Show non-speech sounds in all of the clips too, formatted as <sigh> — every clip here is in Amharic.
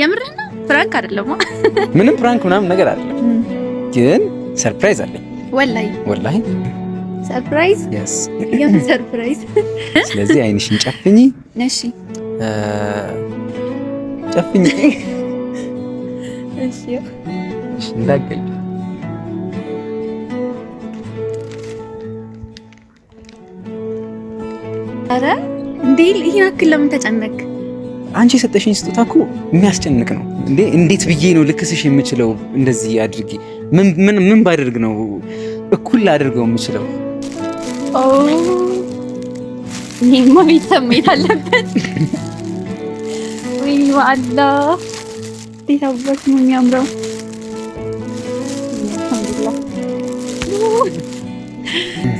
የምርህ ነው? ፍራንክ አይደለም። <laughs> ምንም ፍራንክ ምናምን ነገር አይደለም፣ ግን ሰርፕራይዝ አለኝ። ወላይ ወላይ ሰርፕራይዝ። የስ የም ሰርፕራይዝ። <laughs> ስለዚህ አይንሽን ጨፍኚ። እሺ ጨፍኝ። እሺ እሺ። እንዳገል አረ እንዴ! ይሄን አክል ለምን ተጨነቅ? አንቺ የሰጠሽኝ ስጦታ እኮ የሚያስጨንቅ ነው። እንዴት ብዬ ነው ልክስሽ የምችለው? እንደዚህ አድርጊ፣ ምን ባደርግ ነው እኩል አድርገው የምችለው? እኔማ ቤተሰብ መሄድ አለበት። ወይ ዋላ ቤታበት ነው የሚያምረው።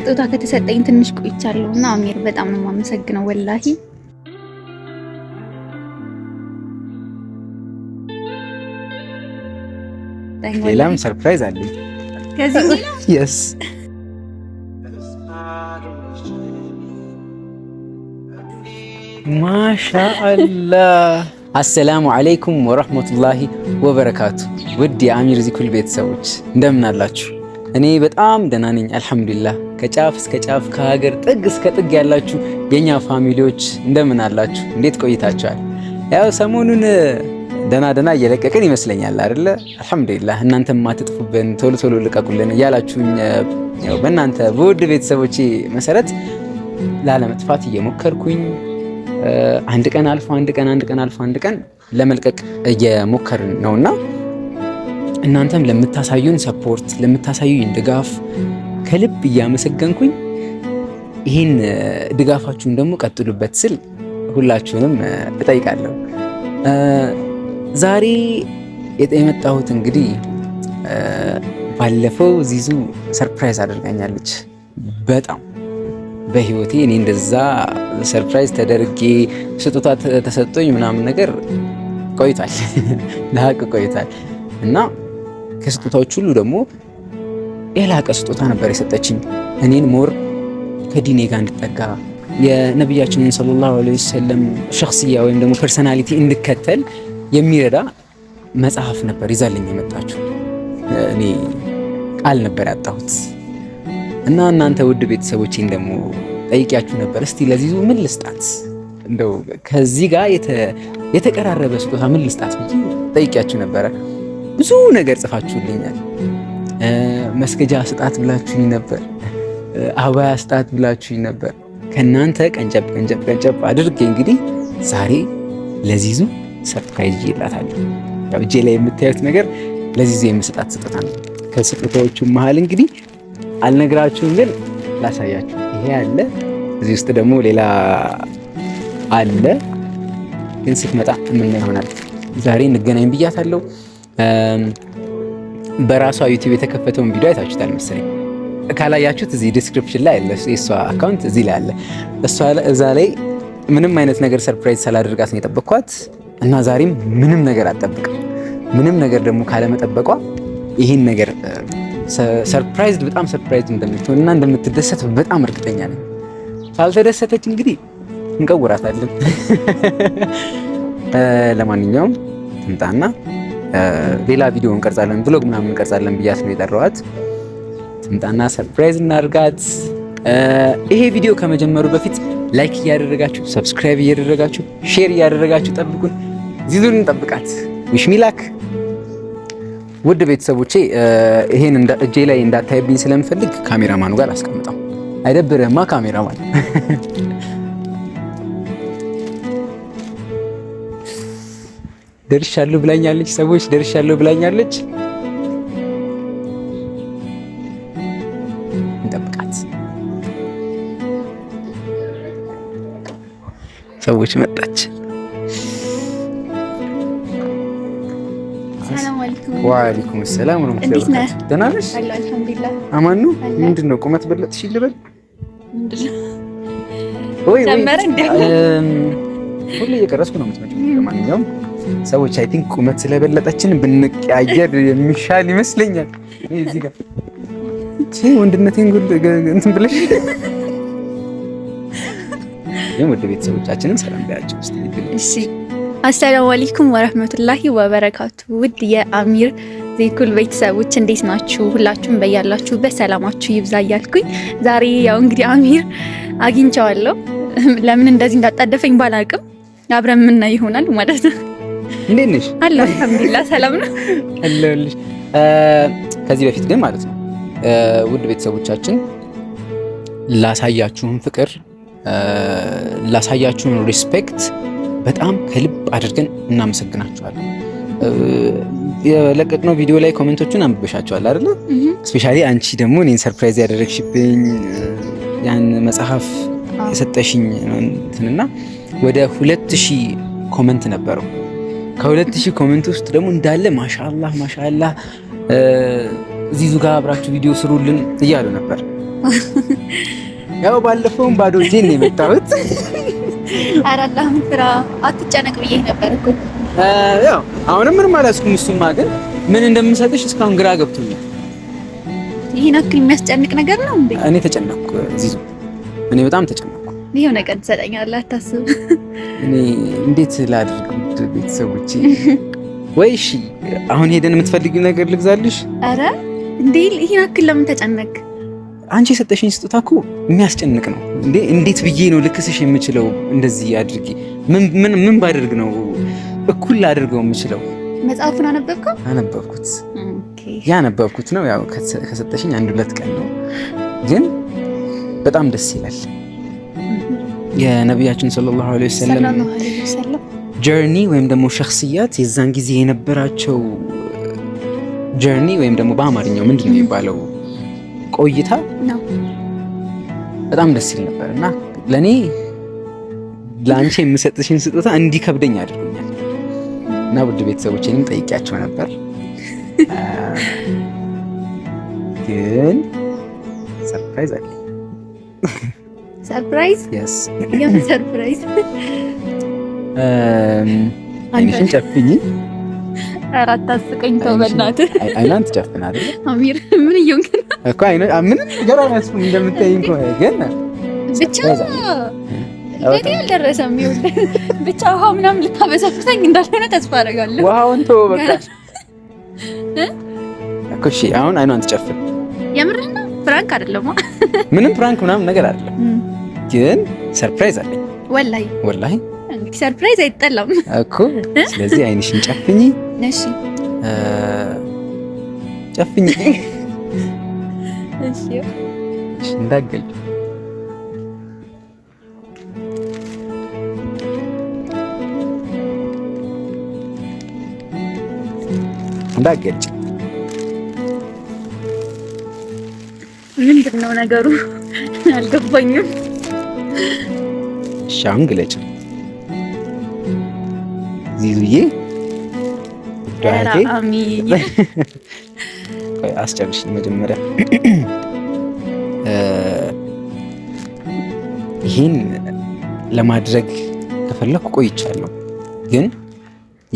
ስጦታ ከተሰጠኝ ትንሽ ቆይቻለሁ እና አሚር በጣም ነው የማመሰግነው ወላሂ ሌላም ሰርፕራይዝ አለ የስ <laughs> ማሻአላህ። አሰላሙ አለይኩም ወረህመቱላሂ ወበረካቱ። ውድ የአሚር ዚኩል ቤተሰቦች እንደምን አላችሁ? እኔ በጣም ደህና ነኝ አልሐምዱሊላህ። ከጫፍ እስከ ጫፍ ከሀገር ጥግ እስከ ጥግ ያላችሁ የእኛ ፋሚሊዎች እንደምን አላችሁ? እንዴት ቆይታችኋል? ያው ሰሞኑን ደና ደና እየለቀቅን ይመስለኛል አይደለ? አልሐምዱሊላህ። እናንተ ማትጥፉብን ቶሎ ቶሎ ልቀቁልን እያላችሁኝ በእናንተ በውድ ቤተሰቦቼ መሰረት ላለመጥፋት እየሞከርኩኝ አንድ ቀን አልፎ አንድ ቀን አንድ ቀን አልፎ አንድ ቀን ለመልቀቅ እየሞከርን ነውና እናንተም ለምታሳዩን ሰፖርት ለምታሳዩኝ ድጋፍ ከልብ እያመሰገንኩኝ ይህን ድጋፋችሁን ደግሞ ቀጥሉበት ስል ሁላችሁንም እጠይቃለሁ። ዛሬ የመጣሁት እንግዲህ ባለፈው ዚዙ ሰርፕራይዝ አድርጋኛለች። በጣም በህይወቴ እኔ እንደዛ ሰርፕራይዝ ተደርጌ ስጦታ ተሰጥቶኝ ምናምን ነገር ቆይቷል፣ <laughs> ለሀቅ ቆይቷል። እና ከስጦታዎች ሁሉ ደግሞ የላቀ ስጦታ ነበር የሰጠችኝ እኔን ሞር ከዲኔ ጋር እንድጠጋ የነቢያችንን ሰለላሁ ዐለይሂ ወሰለም ሸክስያ ወይም ደግሞ ፐርሰናሊቲ እንድከተል የሚረዳ መጽሐፍ ነበር ይዛልኝ የመጣችሁ። እኔ ቃል ነበር ያጣሁት እና እናንተ ውድ ቤተሰቦቼን ደግሞ ጠይቂያችሁ ነበር። እስቲ ለዚዙ ምን ልስጣት እንደው ከዚህ ጋር የተቀራረበ ስጦታ ምን ልስጣት ጠይቂያችሁ ነበረ። ብዙ ነገር ጽፋችሁልኛል። መስገጃ ስጣት ብላችሁኝ ነበር፣ አባያ ስጣት ብላችሁኝ ነበር። ከእናንተ ቀንጨብ ቀንጨብ ቀንጨብ አድርጌ እንግዲህ ዛሬ ለዚዙ ሰርፕራይዝ ይላታለሁ። ያው እጄ ላይ የምታዩት ነገር ለዚህ ዜ የምሰጣት ስጦታ ነው። ከስጦታዎቹ መሀል እንግዲህ አልነግራችሁም፣ ግን ላሳያችሁ። ይሄ አለ፣ እዚህ ውስጥ ደግሞ ሌላ አለ፣ ግን ስትመጣ የምናየው ይሆናል። ዛሬ እንገናኝ ብያታለሁ። በራሷ ዩቲዩብ የተከፈተውን ቪዲዮ አይታችሁታል መሰለኝ። ካላያችሁት እዚህ ዲስክሪፕሽን ላይ አለ፣ የእሷ አካውንት እዚህ ላይ አለ። እዛ ላይ ምንም አይነት ነገር ሰርፕራይዝ ሳላደርጋት ነው የጠበቅኳት። እና ዛሬም ምንም ነገር አትጠብቅም። ምንም ነገር ደግሞ ካለመጠበቋ ይህን ነገር ሰርፕራይዝድ በጣም ሰርፕራይዝድ እንደምትሆን እና እንደምትደሰት በጣም እርግጠኛ ነኝ። ካልተደሰተች እንግዲህ እንቀውራታለን። ለማንኛውም ትምጣና ሌላ ቪዲዮ እንቀርጻለን፣ ብሎግ ምናምን እንቀርጻለን ብያት ነው የጠራዋት። ትምጣና ሰርፕራይዝ እናርጋት። ይሄ ቪዲዮ ከመጀመሩ በፊት ላይክ እያደረጋችሁ ሰብስክራይብ እያደረጋችሁ ሼር እያደረጋችሁ ጠብቁን። ዚዙን እንጠብቃት። ዊሽ ሚ ላክ። ውድ ቤተሰቦቼ ይሄን እጄ ላይ እንዳታይብኝ ስለምፈልግ ካሜራማኑ ጋር አስቀምጠው። አይደብርህማ ካሜራማን? ደርሻለሁ ብላኛለች። ሰዎች ደርሻለሁ ብላኛለች። ሰዎች መጣች። ወአለይኩም ሰላም ወራህመቱላሂ ወበረካቱ። ደህና ነሽ? አማን ነው። ምንድን ነው ቁመት በለጥሽ ልበል? ወይ ሁሌ እየቀረስኩ ነው የምትመጪው። ለማንኛውም ሰዎች አይ ቲንክ ቁመት ስለበለጠችን ብንቀያየር የሚሻል ይመስለኛል። እዚህ ጋር ወንድነቴን እንትን ብለሽ ግን ውድ ቤተሰቦቻችንም ሰላም ቢያቸው ውስጥ እሺ። አሰላሙ አለይኩም ወረህመቱላሂ ወበረካቱ። ውድ የአሚር ዜኩል ቤተሰቦች እንዴት ናችሁ? ሁላችሁም በያላችሁ በሰላማችሁ ይብዛ እያልኩኝ ዛሬ ያው እንግዲህ አሚር አግኝቼዋለሁ። ለምን እንደዚህ እንዳጣደፈኝ ባላቅም አብረን የምናየው ይሆናል ማለት ነው። እንዴት ነሽ? አለ አልሐምዱሊላህ፣ ሰላም ነው አለሁልሽ። ከዚህ በፊት ግን ማለት ነው ውድ ቤተሰቦቻችን ላሳያችሁን ፍቅር ላሳያችሁን ሪስፔክት በጣም ከልብ አድርገን እናመሰግናችኋለን። የለቀቅነው ቪዲዮ ላይ ኮሜንቶቹን አንብበሻቸዋል አይደለ? እስፔሻሊ አንቺ ደግሞ እኔን ሰርፕራይዝ ያደረግሽብኝ ያን መጽሐፍ የሰጠሽኝ እንትንና ወደ ሁለት ሺህ ኮመንት ነበረው። ከሁለት ሺህ ኮመንት ውስጥ ደግሞ እንዳለ ማሻላ ማሻላ እዚህ ጋር አብራችሁ ቪዲዮ ስሩልን እያሉ ነበር። <laughs> ያው ባለፈውም ባዶ እጄን ነው የመጣሁት። ኧረ አላህም ፍራ አትጨነቅ ብዬ ነበር እኮ። ያው አሁንም ምንም አላስኩም። እሱማ ግን ምን እንደምሰጥሽ እስካሁን ግራ ገብቶኛል። ይሄን አክል የሚያስጨንቅ ነገር ነው እንዴ? እኔ ተጨነቅኩ ዚዙ፣ እኔ በጣም ተጨነቅኩ። የሆነ ቀን ትሰጠኛለህ አታስብ። እኔ እንዴት ላድርግ? ቤተሰቦቼ ወይ እሺ፣ አሁን ሄደን የምትፈልጊው ነገር ልግዛልሽ። አረ እንዴ ይሄን አክል ለምን ተጨነቅ? አንቺ የሰጠሽኝ ስጦታ እኮ የሚያስጨንቅ ነው እንዴ! እንዴት ብዬ ነው ልክስሽ የምችለው? እንደዚህ አድርጊ፣ ምን ባደርግ ነው እኩል አድርገው የምችለው? መጽሐፉን አነበብከው? አነበብኩት። ያነበብኩት ነው ያው ከሰጠሽኝ አንድ ሁለት ቀን ነው፣ ግን በጣም ደስ ይላል። የነቢያችን ሰለላሁ ዐለይሂ ወሰለም ጀርኒ ወይም ደግሞ ሸክስያት የዛን ጊዜ የነበራቸው ጀርኒ ወይም ደግሞ በአማርኛው ምንድን ነው የሚባለው ቆይታ በጣም ደስ ይል ነበር እና ለእኔ ለአንቺ የምሰጥሽን ስጦታ እንዲከብደኝ አድርጎኛል እና ውድ ቤተሰቦቼንም ጠይቂያቸው ነበር ግን ሰርፕራይዝ አለ። ሰርፕራይዝ ሰርፕራይዝ ጨፍኝ። ኧረ አታስቀኝ ተው በእናትህ። አይኗን ትጨፍናለህ አሚር እኔ አልደረሰም። ይኸውልህ ብቻ ውሃ ምናምን ልታበሳብሰኝ እንዳልሆነ ተስፋ አደርጋለሁ። ውሃውን ተወው በቃ እኮ እሺ። አሁን አይኗን ትጨፍን። የምርህ ፍራንክ አይደለም። ምንም ፍራንክ ምናምን ነገር አይደለም፣ ግን ሰርፕራይዝ አለኝ። ወላሂ ወላሂ፣ ሰርፕራይዝ አይጠላም እኮ። ስለዚህ አይንሽን ጨፍኝ። ጨፍኝ እሺ እንዳትገልጭ እንዳትገልጭ። ምንድን ነው ነገሩ? አልገባኝም። እሺ አሁን ግለጭ። ዚዙዬ ዳቴ አስጨርሽኝ መጀመሪያ <clears throat> ይህን ለማድረግ ከፈለኩ ቆይቻለሁ፣ ግን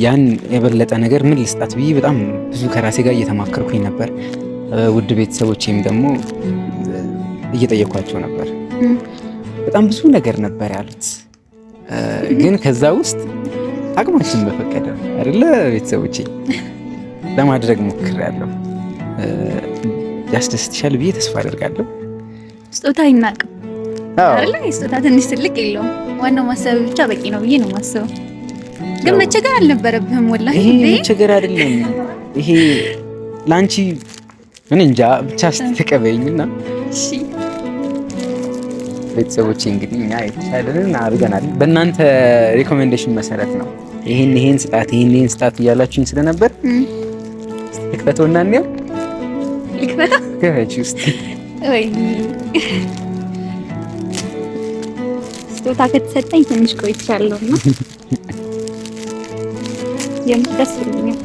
ያን የበለጠ ነገር ምን ልስጣት ብዬ በጣም ብዙ ከራሴ ጋር እየተማከርኩኝ ነበር። ውድ ቤተሰቦቼም ደግሞ እየጠየኳቸው ነበር። በጣም ብዙ ነገር ነበር ያሉት፣ ግን ከዛ ውስጥ አቅማችን በፈቀደ አይደለ ቤተሰቦቼ ለማድረግ ሞክሬያለሁ። ያስደስትሻል ብዬ ተስፋ አደርጋለሁ። ስጦታ አይናቅም አለ ስጦታ ትንሽ ትልቅ የለውም። ዋናው ማሰብ ብቻ በቂ ነው ብዬ ነው ማሰበው። ግን መቸገር አልነበረብህም። ወላ መቸገር አይደለም። ይሄ ለአንቺ ምን እንጃ ብቻ ስትቀበይኝና እሺ ቤተሰቦች እንግዲህ እኛ የተቻለንን አድርገናል። በእናንተ ሪኮሜንዴሽን መሰረት ነው ይህን ይህን ስጣት ይህን ይህን ስጣት እያላችሁኝ ስለነበር ተከታተሉና እንየው። ስጦታ ከተሰጠኝ ትንሽ ቆይቻለሁ እና የምር ደስ ብሎኛል።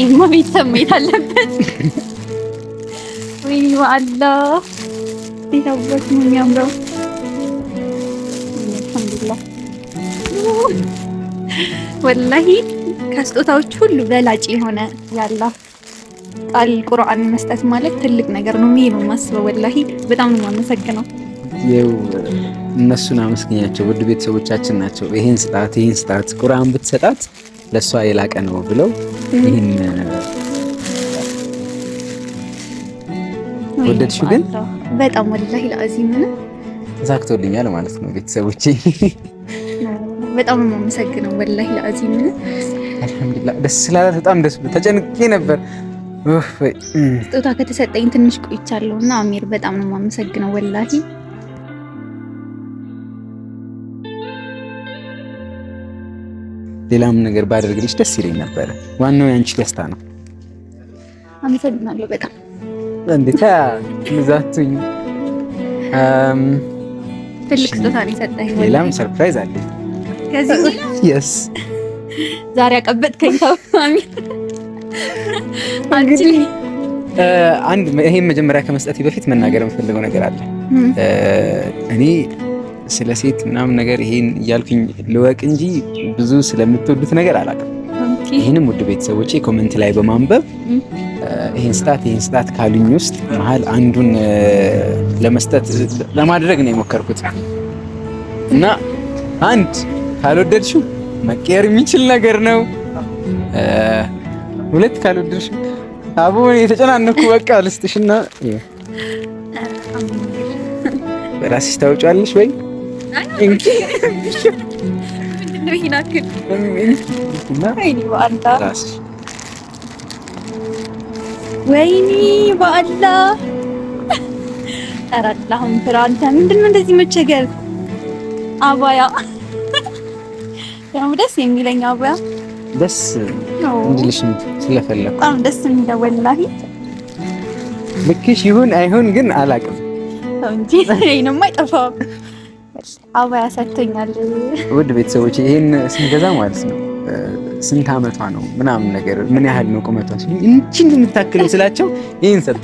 ይሄማ ቤተሰብ መሄድ አለበት። በአላህ ሊታወቅ ነው የሚያምረው። አልሐምዱሊላህ ወላሂ ከስጦታዎች ሁሉ በላጭ የሆነ ያላህ ቃል ቁርአን መስጠት ማለት ትልቅ ነገር ነው። ይሄ ነው የማስበው። ወላሂ በጣም ነው የማመሰግነው። ይኸው እነሱን አመስግኛቸው። ውድ ቤተሰቦቻችን ናቸው ይህን ስጣት ይሄን ስጣት ቁርአን ብትሰጣት ለእሷ የላቀ ነው ብለው ይህን ወደድሽው? ግን በጣም ወላሂ ለአዚም ምንም ተሳክቶልኛል ማለት ነው። ቤተሰቦቼ በጣም ነው የማመሰግነው። ወላሂ ለአዚም ምንም አልሐምዱሊላህ። ደስ ስላላት በጣም ደስ ተጨንቄ ነበር። ስጦታ ከተሰጠኝ ትንሽ ቆይቻለሁ እና አሚር በጣም ነው የማመሰግነው ወላሂ ሌላም ነገር ባደርግልሽ ደስ ይለኝ ነበረ። ዋናው የአንቺ ደስታ ነው። አመሰግናለሁ በጣም እንዴታ ንዛቱኝ ትልቅ ስጦታ ነው የሰጠኸኝ። ሌላም ሰርፕራይዝ አለ። የስ ዛሬ አቀበጥከኝ። ታማሚ አንድ ይሄን መጀመሪያ ከመስጠት በፊት መናገር የምፈልገው ነገር አለ። እኔ ስለ ሴት ምናምን ነገር ይሄን እያልኩኝ ልወቅ እንጂ ብዙ ስለምትወዱት ነገር አላውቅም። ይህንም ውድ ቤተሰቦቼ ኮመንት ላይ በማንበብ ይህን ስታት ይህን ስታት ካሉኝ ውስጥ መሀል አንዱን ለመስጠት ለማድረግ ነው የሞከርኩት እና አንድ ካልወደድሽው መቀየር የሚችል ነገር ነው። ሁለት ካልወደድሽ አቡ የተጨናነኩ በቃ ልስጥሽና በራስሽ ታውጫለሽ ወይ እንጂ ምንድነው ይናክል ወይኒ በአላህ ጠረጥላሁን ፍራ። አንተ ምንድን ነው እንደዚህ መቸገር? አባያ ደግሞ ደስ የሚለኝ አባያ ደስ እንድልሽ ስለፈለኩ በጣም ደስ የሚለው ወላሂ። ልክሽ ይሁን አይሁን ግን አላውቅም እንጂ እኔንም አይጠፋም አባያ ሰጥቶኛል። ውድ ቤተሰቦች ይህን ስንገዛ ማለት ነው ስንት ዓመቷ ነው ምናምን ነገር ምን ያህል ነው ቁመቷ ሲሉ እንቺ የምታክለው ስላቸው ይህን ሰብ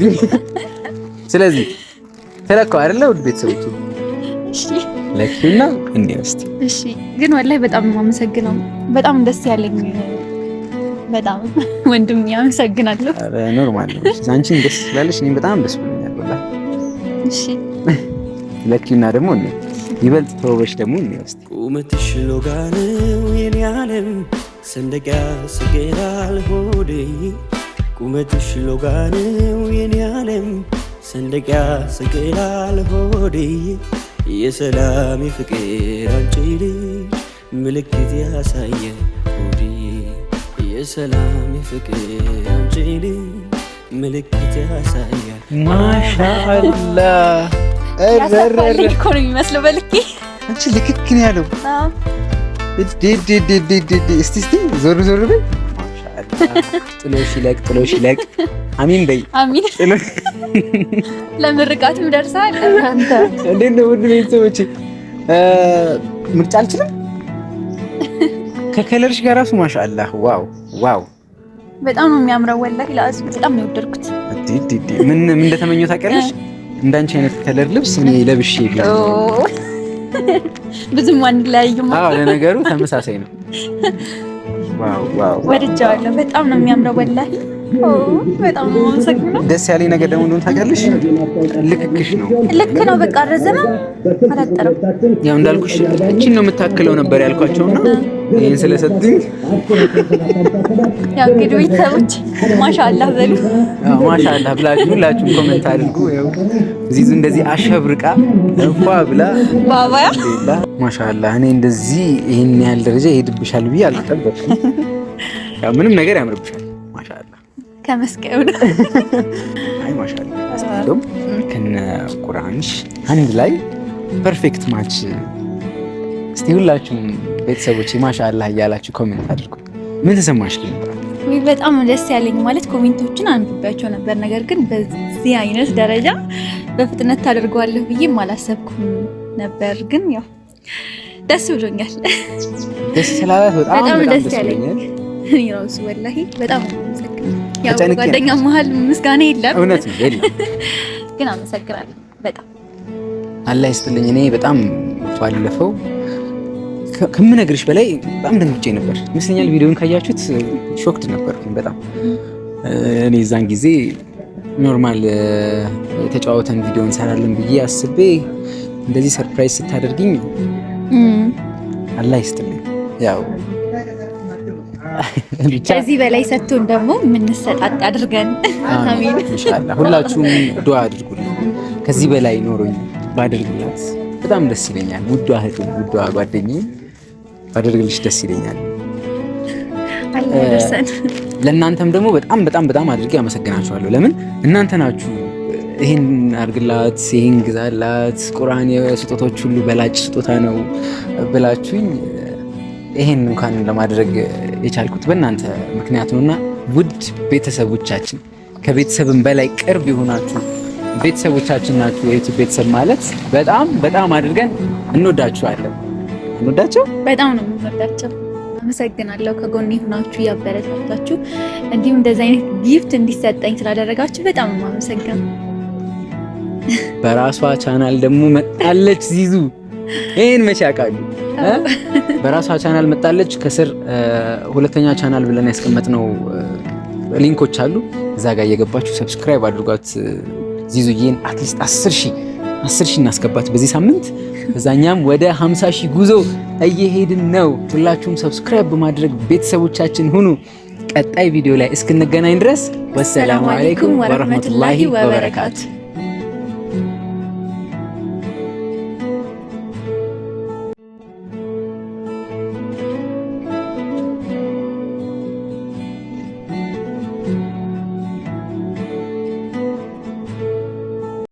ስለዚህ ተለካው አይደለ? ውድ ቤተሰቦች ለኪና እንዲህ ስ እሺ። ግን ወላሂ በጣም የማመሰግነው በጣም ደስ ያለኝ በጣም ወንድም ያመሰግናለሁ። ኖርማል ነው። አንቺን ደስ ስላለሽ እኔም በጣም ደስ ብሎኛል ወላሂ። እሺ ለኪና ደግሞ ይበልጥ ተውበሽ ደግሞ እንዲህ እስቲ ቁመትሽ ሎጋ ነው የኔ ዓለም ሰንደቅ ያስጌጣል ሆዴ ቁመትሽ ሎጋነው የኔ ዓለም ሰንደቅ ያስጌጣል ሆዴ የሰላም የፍቅር አንቺ ምልክት ያሳየ ሆዴ የሰላም የፍቅር አንቺ ምልክት ያሳየ ማሻአላ ያሳፋልኝ እኮ ነው የሚመስለው በልኬ አንቺ ልክክ ያለው እስቲ እስቲ ዞር ዞር በይ ጥሎሽ ይለቅ ጥሎሽ ይለቅ። አሚን በይ አሚን። ለምርቃትም ደርሰሃል እንዴት ነው ውድ ቤተሰቦች? ምርጫ አልችልም። ከከለርሽ ጋር ራሱ ማሻአላህ ዋው ዋው፣ በጣም ነው የሚያምረው። ወላሂ በጣም ነው የወደድኩት። ምን እንደተመኘው ታውቂያለሽ? እንዳንቺ አይነት ከለር ልብስ እኔ ለብሼ ብዙም አንድ ላይ ለነገሩ ተመሳሳይ ነው። ወድጃዋለሁ። በጣም ነው የሚያምረው። ወላሂ በጣም ነው ደስ ያለኝ ነገር ደግሞ እንደሆነ ታውቂያለሽ፣ ልክክሽ ነው። ልክ ነው። በቃ ረዘመ አላጠረም። ያው እንዳልኩሽ እቺን ነው የምታክለው ነበር ያልኳቸውና ይህን ስለሰጡኝ ያው እንግዲህ ቤተሰቦች ማሻአላህ በሉ። ማሻአላህ ብላችሁ ሁላችሁም ኮሜንት አድርጉ። ያው እንደዚህ አሸብርቃ እንኳ ብላ ባባያ ማሻአላህ። እኔ እንደዚህ ይህን ያህል ደረጃ ይሄድብሻል ብዬ አልጠበቅኩም። ምንም ነገር ያምርብሻል። ማሻአላህ ከመስቀሉ አይ ማሻአላህ ከነ ቁርአንሽ አንድ ላይ ፐርፌክት ማች። እስቲ ሁላችሁም ቤተሰቦች ማሻአላህ እያላችሁ ኮሜንት አድርጉ። ምን ተሰማሽ? በጣም ደስ ያለኝ ማለት ኮሜንቶችን አንብባቸው ነበር፣ ነገር ግን በዚህ አይነት ደረጃ በፍጥነት ታደርገዋለሁ ብዬ አላሰብኩም ነበር። ግን ያው ደስ ብሎኛል። ደስ ስላላት በጣም ደስ ያለኝ ያው እሱ ወላሂ በጣም ያው ጓደኛ መሀል ምስጋና የለም፣ እውነት ግን አመሰግናለሁ በጣም አላህ ይስጥልኝ። እኔ በጣም ባለፈው ከምነግርሽ በላይ በጣም ደንግጬ ነበር ይመስለኛል። ቪዲዮን ካያችሁት ሾክድ ነበርኩኝ በጣም እኔ እዛን ጊዜ ኖርማል ተጫወተን ቪዲዮ እንሰራለን ብዬ አስቤ እንደዚህ ሰርፕራይዝ ስታደርግኝ አላህ ይስጥልኝ። ያው ከዚህ በላይ ሰጥቶን ደግሞ የምንሰጣጥ አድርገን ሁላችሁም ዱአ አድርጉልኝ። ከዚህ በላይ ኖሮኝ ባደርግላት በጣም ደስ ይለኛል። ውዷ እህቴ፣ ውዷ ጓደኛዬ ባደርግልሽ ደስ ይለኛል። ለእናንተም ደግሞ በጣም በጣም በጣም አድርጌ አመሰግናችኋለሁ። ለምን እናንተ ናችሁ ይህን አድርግላት፣ ይህን ግዛላት፣ ቁርአን የስጦቶች ሁሉ በላጭ ስጦታ ነው ብላችሁኝ ይህን እንኳን ለማድረግ የቻልኩት በእናንተ ምክንያት እና ውድ ቤተሰቦቻችን ከቤተሰብም በላይ ቅርብ የሆናችሁ ቤተሰቦቻችን ናችሁ። የዩቱብ ቤተሰብ ማለት በጣም በጣም አድርገን እንወዳችኋለን። እንወዳቸው በጣም ነው የምንወዳቸው። አመሰግናለሁ ከጎኔ ሆናችሁ እያበረታታችሁ፣ እንዲሁም እንደዚህ አይነት ጊፍት እንዲሰጠኝ ስላደረጋችሁ በጣም ነው የማመሰግነው። በራሷ ቻናል ደግሞ መጣለች ዚዙ፣ ይህን መቼ ያውቃሉ? በራሷ ቻናል መጣለች። ከስር ሁለተኛ ቻናል ብለን ያስቀመጥነው ሊንኮች አሉ። እዛ ጋር እየገባችሁ ሰብስክራይብ አድርጓት ዚዙዬን አትሊስት አስር ሺህ አስር ሺህ እናስገባት በዚህ ሳምንት። ከዛኛም ወደ 50 ሺህ ጉዞ እየሄድን ነው። ሁላችሁም ሰብስክራይብ በማድረግ ቤተሰቦቻችን ሁኑ። ቀጣይ ቪዲዮ ላይ እስክንገናኝ ድረስ ወሰላሙ አለይኩም ወረህመቱላሂ ወበረካቱ።